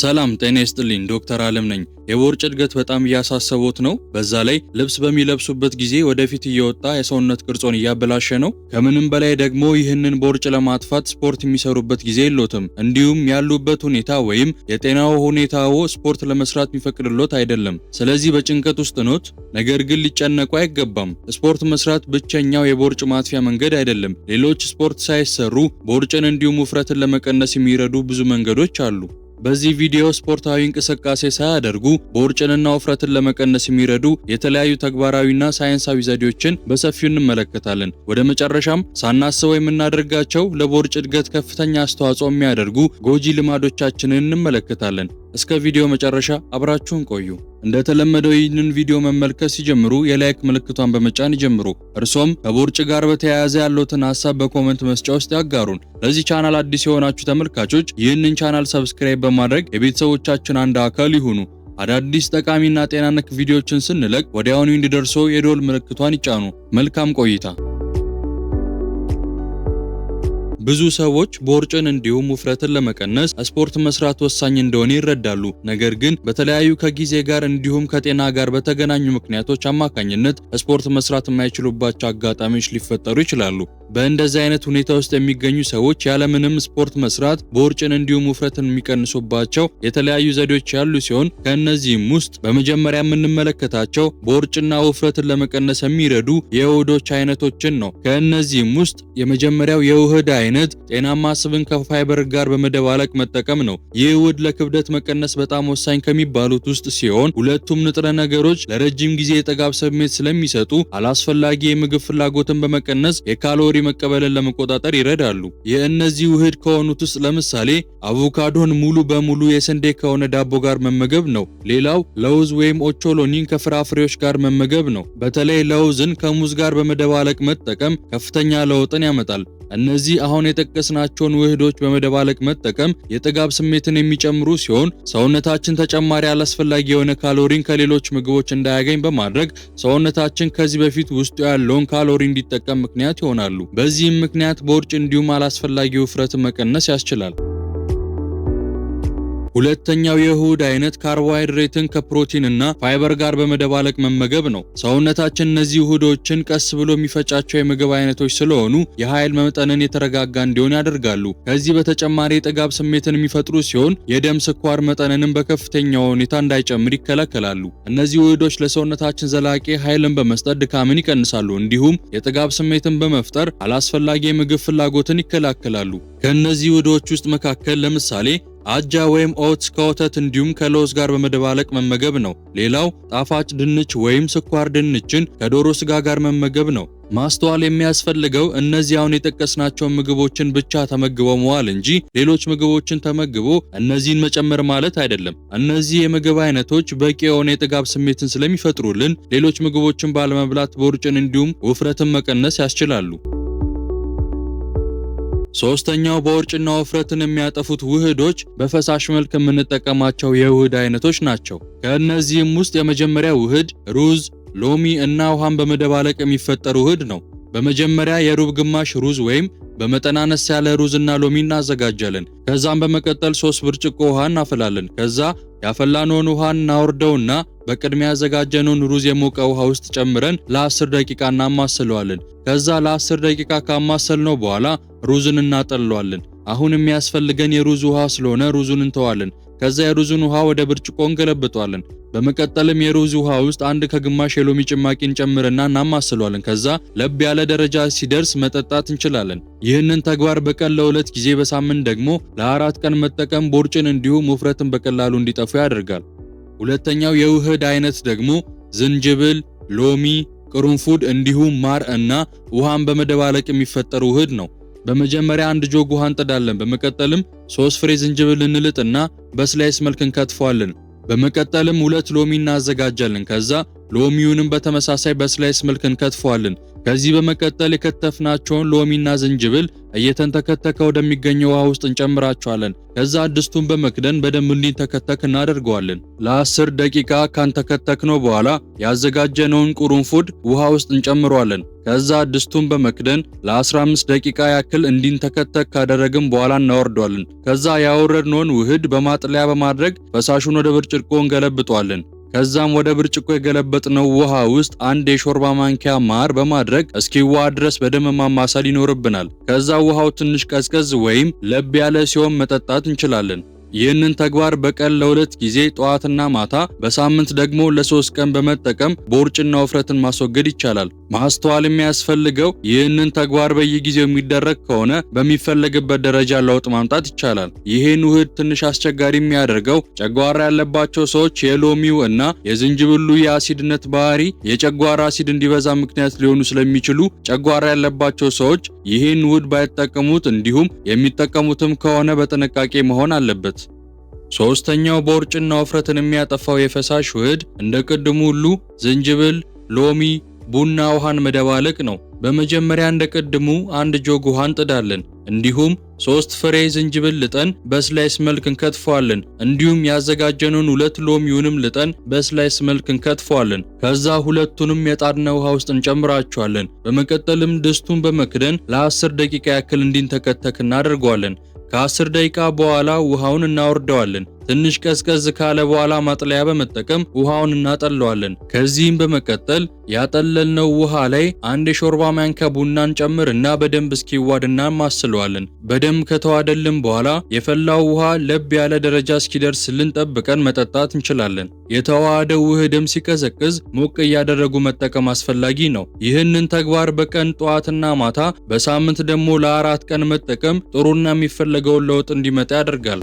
ሰላም ጤና ይስጥልኝ። ዶክተር አለም ነኝ። የቦርጭ እድገት በጣም እያሳሰቦት ነው? በዛ ላይ ልብስ በሚለብሱበት ጊዜ ወደፊት እየወጣ የሰውነት ቅርጾን እያበላሸ ነው። ከምንም በላይ ደግሞ ይህንን ቦርጭ ለማጥፋት ስፖርት የሚሰሩበት ጊዜ የሎትም። እንዲሁም ያሉበት ሁኔታ ወይም የጤናው ሁኔታዎ ስፖርት ለመስራት የሚፈቅድሎት አይደለም። ስለዚህ በጭንቀት ውስጥ ኖት። ነገር ግን ሊጨነቁ አይገባም። ስፖርት መስራት ብቸኛው የቦርጭ ማጥፊያ መንገድ አይደለም። ሌሎች ስፖርት ሳይሰሩ ቦርጭን እንዲሁም ውፍረትን ለመቀነስ የሚረዱ ብዙ መንገዶች አሉ። በዚህ ቪዲዮ ስፖርታዊ እንቅስቃሴ ሳያደርጉ ቦርጭንና ውፍረትን ለመቀነስ የሚረዱ የተለያዩ ተግባራዊና ሳይንሳዊ ዘዴዎችን በሰፊው እንመለከታለን። ወደ መጨረሻም ሳናስበው የምናደርጋቸው ለቦርጭ እድገት ከፍተኛ አስተዋጽኦ የሚያደርጉ ጎጂ ልማዶቻችንን እንመለከታለን። እስከ ቪዲዮ መጨረሻ አብራችሁን ቆዩ። እንደተለመደው ይህንን ቪዲዮ መመልከት ሲጀምሩ የላይክ ምልክቷን በመጫን ይጀምሩ። እርሶም ከቦርጭ ጋር በተያያዘ ያለውትን ሀሳብ በኮመንት መስጫ ውስጥ ያጋሩን። ለዚህ ቻናል አዲስ የሆናችሁ ተመልካቾች ይህንን ቻናል ሰብስክራይብ በማድረግ የቤተሰቦቻችን አንድ አካል ይሁኑ። አዳዲስ ጠቃሚና ጤና ነክ ቪዲዮዎችን ስንለቅ ወዲያውኑ እንዲደርሶ የዶል ምልክቷን ይጫኑ። መልካም ቆይታ ብዙ ሰዎች ቦርጭን እንዲሁም ውፍረትን ለመቀነስ ስፖርት መስራት ወሳኝ እንደሆነ ይረዳሉ። ነገር ግን በተለያዩ ከጊዜ ጋር እንዲሁም ከጤና ጋር በተገናኙ ምክንያቶች አማካኝነት ስፖርት መስራት የማይችሉባቸው አጋጣሚዎች ሊፈጠሩ ይችላሉ። በእንደዚህ አይነት ሁኔታ ውስጥ የሚገኙ ሰዎች ያለምንም ስፖርት መስራት ቦርጭን እንዲሁም ውፍረትን የሚቀንሱባቸው የተለያዩ ዘዴዎች ያሉ ሲሆን ከእነዚህም ውስጥ በመጀመሪያ የምንመለከታቸው ቦርጭና ውፍረትን ለመቀነስ የሚረዱ የውህዶች አይነቶችን ነው። ከእነዚህም ውስጥ የመጀመሪያው የውህድ አይነት ጤናማ ስብን ከፋይበር ጋር በመደባለቅ መጠቀም ነው። ይህ ውህድ ለክብደት መቀነስ በጣም ወሳኝ ከሚባሉት ውስጥ ሲሆን ሁለቱም ንጥረ ነገሮች ለረጅም ጊዜ የጠጋብ ስሜት ስለሚሰጡ አላስፈላጊ የምግብ ፍላጎትን በመቀነስ የካሎሪ ካሎሪ መቀበልን ለመቆጣጠር ይረዳሉ። የእነዚህ ውህድ ከሆኑት ውስጥ ለምሳሌ አቮካዶን ሙሉ በሙሉ የስንዴ ከሆነ ዳቦ ጋር መመገብ ነው። ሌላው ለውዝ ወይም ኦቾሎኒን ከፍራፍሬዎች ጋር መመገብ ነው። በተለይ ለውዝን ከሙዝ ጋር በመደባለቅ መጠቀም ከፍተኛ ለውጥን ያመጣል። እነዚህ አሁን የጠቀስናቸውን ውህዶች በመደባለቅ መጠቀም የጥጋብ ስሜትን የሚጨምሩ ሲሆን ሰውነታችን ተጨማሪ አላስፈላጊ የሆነ ካሎሪን ከሌሎች ምግቦች እንዳያገኝ በማድረግ ሰውነታችን ከዚህ በፊት ውስጡ ያለውን ካሎሪ እንዲጠቀም ምክንያት ይሆናሉ። በዚህም ምክንያት ቦርጭ እንዲሁም አላስፈላጊ ውፍረት መቀነስ ያስችላል። ሁለተኛው የእሁድ አይነት ካርቦሃይድሬትን ከፕሮቲንና ፋይበር ጋር በመደባለቅ መመገብ ነው። ሰውነታችን እነዚህ እሁዶችን ቀስ ብሎ የሚፈጫቸው የምግብ አይነቶች ስለሆኑ የኃይል መጠንን የተረጋጋ እንዲሆን ያደርጋሉ። ከዚህ በተጨማሪ የጥጋብ ስሜትን የሚፈጥሩ ሲሆን የደም ስኳር መጠንንም በከፍተኛ ሁኔታ እንዳይጨምር ይከላከላሉ። እነዚህ ውህዶች ለሰውነታችን ዘላቂ ኃይልን በመስጠት ድካምን ይቀንሳሉ፣ እንዲሁም የጥጋብ ስሜትን በመፍጠር አላስፈላጊ የምግብ ፍላጎትን ይከላከላሉ። ከእነዚህ ውህዶች ውስጥ መካከል ለምሳሌ አጃ ወይም ኦትስ ከወተት እንዲሁም ከለውዝ ጋር በመደባለቅ መመገብ ነው። ሌላው ጣፋጭ ድንች ወይም ስኳር ድንችን ከዶሮ ስጋ ጋር መመገብ ነው። ማስተዋል የሚያስፈልገው እነዚህ አሁን የጠቀስናቸውን ምግቦችን ብቻ ተመግቦ መዋል እንጂ ሌሎች ምግቦችን ተመግቦ እነዚህን መጨመር ማለት አይደለም። እነዚህ የምግብ አይነቶች በቂ የሆነ የጥጋብ ስሜትን ስለሚፈጥሩልን ሌሎች ምግቦችን ባለመብላት ቦርጭን እንዲሁም ውፍረትን መቀነስ ያስችላሉ። ሶስተኛው በውርጭና ውፍረትን የሚያጠፉት ውህዶች በፈሳሽ መልክ የምንጠቀማቸው የውህድ አይነቶች ናቸው። ከእነዚህም ውስጥ የመጀመሪያ ውህድ ሩዝ፣ ሎሚ እና ውሃን በመደባለቅ የሚፈጠር ውህድ ነው። በመጀመሪያ የሩብ ግማሽ ሩዝ ወይም በመጠን አነስ ያለ እና ሎሚ እናዘጋጃለን። ከዛም በመቀጠል ሶስት ብርጭቆ ውሃ እናፈላለን። ከዛ ያፈላነውን ውሃ እናወርደውና በቅድሚያ ያዘጋጀነውን ሩዝ የሞቀ ውሃ ውስጥ ጨምረን ለ10 ደቂቃ እናማስለዋለን። ከዛ ለ10 ደቂቃ ካማሰልነው በኋላ ሩዝን እናጠለዋለን። አሁን የሚያስፈልገን የሩዝ ውሃ ስለሆነ ሩዙን እንተዋለን። ከዛ የሩዙን ውሃ ወደ ብርጭቆ እንገለብጠዋለን። በመቀጠልም የሩዝ ውሃ ውስጥ አንድ ከግማሽ የሎሚ ጭማቂ እንጨምርና እናማስሏለን። ከዛ ለብ ያለ ደረጃ ሲደርስ መጠጣት እንችላለን። ይህንን ተግባር በቀን ለሁለት ጊዜ በሳምንት ደግሞ ለአራት ቀን መጠቀም ቦርጭን እንዲሁም ውፍረትን በቀላሉ እንዲጠፉ ያደርጋል። ሁለተኛው የውህድ አይነት ደግሞ ዝንጅብል፣ ሎሚ፣ ቅርንፉድ እንዲሁም ማር እና ውሃን በመደባለቅ የሚፈጠር ውህድ ነው። በመጀመሪያ አንድ ጆግ ውሃ እንጥዳለን። በመቀጠልም ሶስት ፍሬ ዝንጅብል እንልጥና በስላይስ መልክ እንከትፈዋለን። በመቀጠልም ሁለት ሎሚ እናዘጋጃለን። ከዛ ሎሚውንም በተመሳሳይ በስላይስ መልክ እንከትፈዋለን። ከዚህ በመቀጠል የከተፍናቸውን ሎሚና ዝንጅብል እየተንተከተከ ወደሚገኘው ውሃ ውስጥ እንጨምራቸዋለን። ከዛ ድስቱን በመክደን በደንብ እንዲንተከተክ እናደርገዋለን። ለአስር ደቂቃ ካንተከተክነው በኋላ ያዘጋጀነውን ቁሩንፉድ ውሃ ውስጥ እንጨምሯለን። ከዛ ድስቱን በመክደን ለ15 ደቂቃ ያክል እንዲንተከተክ ካደረግን በኋላ እናወርዷለን። ከዛ ያወረድነውን ውህድ በማጥለያ በማድረግ ፈሳሹን ወደ ብርጭቆ እንገለብጧለን። ከዛም ወደ ብርጭቆ የገለበጥነው ውሃ ውስጥ አንድ የሾርባ ማንኪያ ማር በማድረግ እስኪዋ ድረስ በደንብ ማማሳል ይኖርብናል። ከዛ ውሃው ትንሽ ቀዝቀዝ ወይም ለብ ያለ ሲሆን መጠጣት እንችላለን። ይህንን ተግባር በቀን ለሁለት ጊዜ ጠዋትና ማታ፣ በሳምንት ደግሞ ለሶስት ቀን በመጠቀም ቦርጭና ውፍረትን ማስወገድ ይቻላል። ማስተዋል የሚያስፈልገው ይህንን ተግባር በየጊዜው የሚደረግ ከሆነ በሚፈለግበት ደረጃ ለውጥ ማምጣት ይቻላል። ይህን ውህድ ትንሽ አስቸጋሪ የሚያደርገው ጨጓራ ያለባቸው ሰዎች የሎሚው እና የዝንጅብሉ የአሲድነት ባህሪ የጨጓራ አሲድ እንዲበዛ ምክንያት ሊሆኑ ስለሚችሉ ጨጓራ ያለባቸው ሰዎች ይህን ውህድ ባይጠቀሙት እንዲሁም የሚጠቀሙትም ከሆነ በጥንቃቄ መሆን አለበት። ሶስተኛው ቦርጭና ውፍረትን የሚያጠፋው የፈሳሽ ውህድ እንደ ቅድሙ ሁሉ ዝንጅብል፣ ሎሚ፣ ቡና ውሃን መደባለቅ ነው። በመጀመሪያ እንደ ቅድሙ አንድ ጆግ ውሃ እንጥዳለን። እንዲሁም ሶስት ፍሬ ዝንጅብል ልጠን በስላይስ መልክ እንከትፈዋለን። እንዲሁም ያዘጋጀነውን ሁለት ሎሚውንም ልጠን በስላይስ መልክ እንከትፈዋለን። ከዛ ሁለቱንም የጣድነ ውሃ ውስጥ እንጨምራቸዋለን። በመቀጠልም ድስቱን በመክደን ለ10 ደቂቃ ያክል እንዲንተከተክ እናደርገዋለን። ከአስር ደቂቃ በኋላ ውሃውን እናወርደዋለን። ትንሽ ቀዝቀዝ ካለ በኋላ ማጥለያ በመጠቀም ውሃውን እናጠለዋለን። ከዚህም በመቀጠል ያጠለልነው ውሃ ላይ አንድ የሾርባ ማንኪያ ቡናን ጨምርና በደንብ እስኪዋድና እናማስለዋለን። በደንብ ከተዋደልን በኋላ የፈላው ውሃ ለብ ያለ ደረጃ እስኪደርስ ልንጠብቀን መጠጣት እንችላለን። የተዋሃደው ውህድም ሲቀዘቅዝ ሞቅ እያደረጉ መጠቀም አስፈላጊ ነው። ይህንን ተግባር በቀን ጠዋትና ማታ በሳምንት ደግሞ ለአራት ቀን መጠቀም ጥሩና የሚፈለገውን ለውጥ እንዲመጣ ያደርጋል።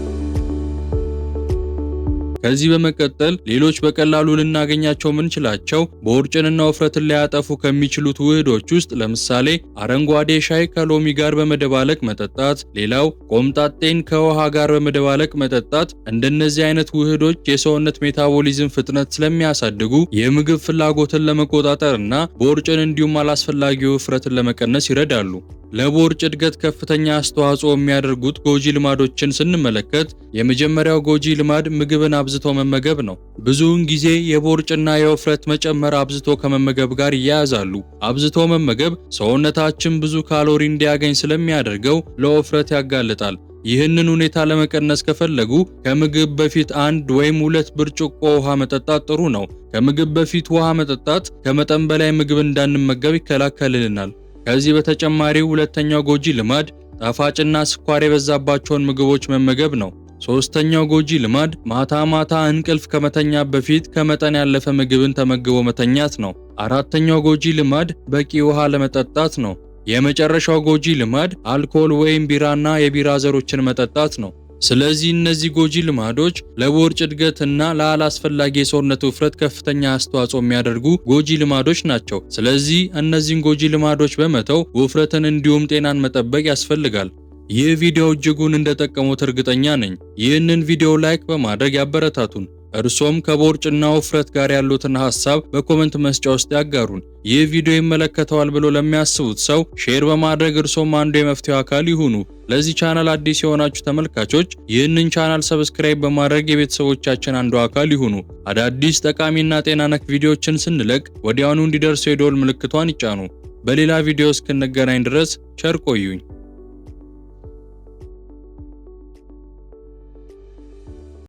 ከዚህ በመቀጠል ሌሎች በቀላሉ ልናገኛቸው ምንችላቸው ቦርጭንና ውፍረትን ሊያጠፉ ከሚችሉት ውህዶች ውስጥ ለምሳሌ አረንጓዴ ሻይ ከሎሚ ጋር በመደባለቅ መጠጣት፣ ሌላው ቆምጣጤን ከውሃ ጋር በመደባለቅ መጠጣት። እንደነዚህ አይነት ውህዶች የሰውነት ሜታቦሊዝም ፍጥነት ስለሚያሳድጉ የምግብ ፍላጎትን ለመቆጣጠር እና ቦርጭን እንዲሁም አላስፈላጊ ውፍረትን ለመቀነስ ይረዳሉ። ለቦርጭ እድገት ከፍተኛ አስተዋጽኦ የሚያደርጉት ጎጂ ልማዶችን ስንመለከት የመጀመሪያው ጎጂ ልማድ ምግብን አብዝቶ መመገብ ነው። ብዙውን ጊዜ የቦርጭና የውፍረት መጨመር አብዝቶ ከመመገብ ጋር ይያያዛሉ። አብዝቶ መመገብ ሰውነታችን ብዙ ካሎሪ እንዲያገኝ ስለሚያደርገው ለውፍረት ያጋልጣል። ይህንን ሁኔታ ለመቀነስ ከፈለጉ ከምግብ በፊት አንድ ወይም ሁለት ብርጭቆ ውሃ መጠጣት ጥሩ ነው። ከምግብ በፊት ውሃ መጠጣት ከመጠን በላይ ምግብ እንዳንመገብ ይከላከልልናል። ከዚህ በተጨማሪ ሁለተኛው ጎጂ ልማድ ጣፋጭና ስኳር የበዛባቸውን ምግቦች መመገብ ነው። ሶስተኛው ጎጂ ልማድ ማታ ማታ እንቅልፍ ከመተኛ በፊት ከመጠን ያለፈ ምግብን ተመግቦ መተኛት ነው። አራተኛው ጎጂ ልማድ በቂ ውሃ ለመጠጣት ነው። የመጨረሻው ጎጂ ልማድ አልኮል ወይም ቢራና የቢራ ዘሮችን መጠጣት ነው። ስለዚህ እነዚህ ጎጂ ልማዶች ለቦርጭ እድገትና ለአላስፈላጊ የሰውነት ውፍረት ከፍተኛ አስተዋጽኦ የሚያደርጉ ጎጂ ልማዶች ናቸው። ስለዚህ እነዚህን ጎጂ ልማዶች በመተው ውፍረትን እንዲሁም ጤናን መጠበቅ ያስፈልጋል። ይህ ቪዲዮ እጅጉን እንደጠቀሙት እርግጠኛ ነኝ። ይህንን ቪዲዮ ላይክ በማድረግ ያበረታቱን። እርሶም ከቦርጭና ውፍረት ጋር ያሉትን ሀሳብ በኮመንት መስጫ ውስጥ ያጋሩን። ይህ ቪዲዮ ይመለከተዋል ብሎ ለሚያስቡት ሰው ሼር በማድረግ እርሶም አንዱ የመፍትሄው አካል ይሁኑ። ለዚህ ቻናል አዲስ የሆናችሁ ተመልካቾች ይህንን ቻናል ሰብስክራይብ በማድረግ የቤተሰቦቻችን አንዱ አካል ይሁኑ። አዳዲስ ጠቃሚና ጤና ነክ ቪዲዮችን ስንለቅ ወዲያውኑ እንዲደርሱ የደወል ምልክቷን ይጫኑ። በሌላ ቪዲዮ እስክንገናኝ ድረስ ቸር ቆዩኝ።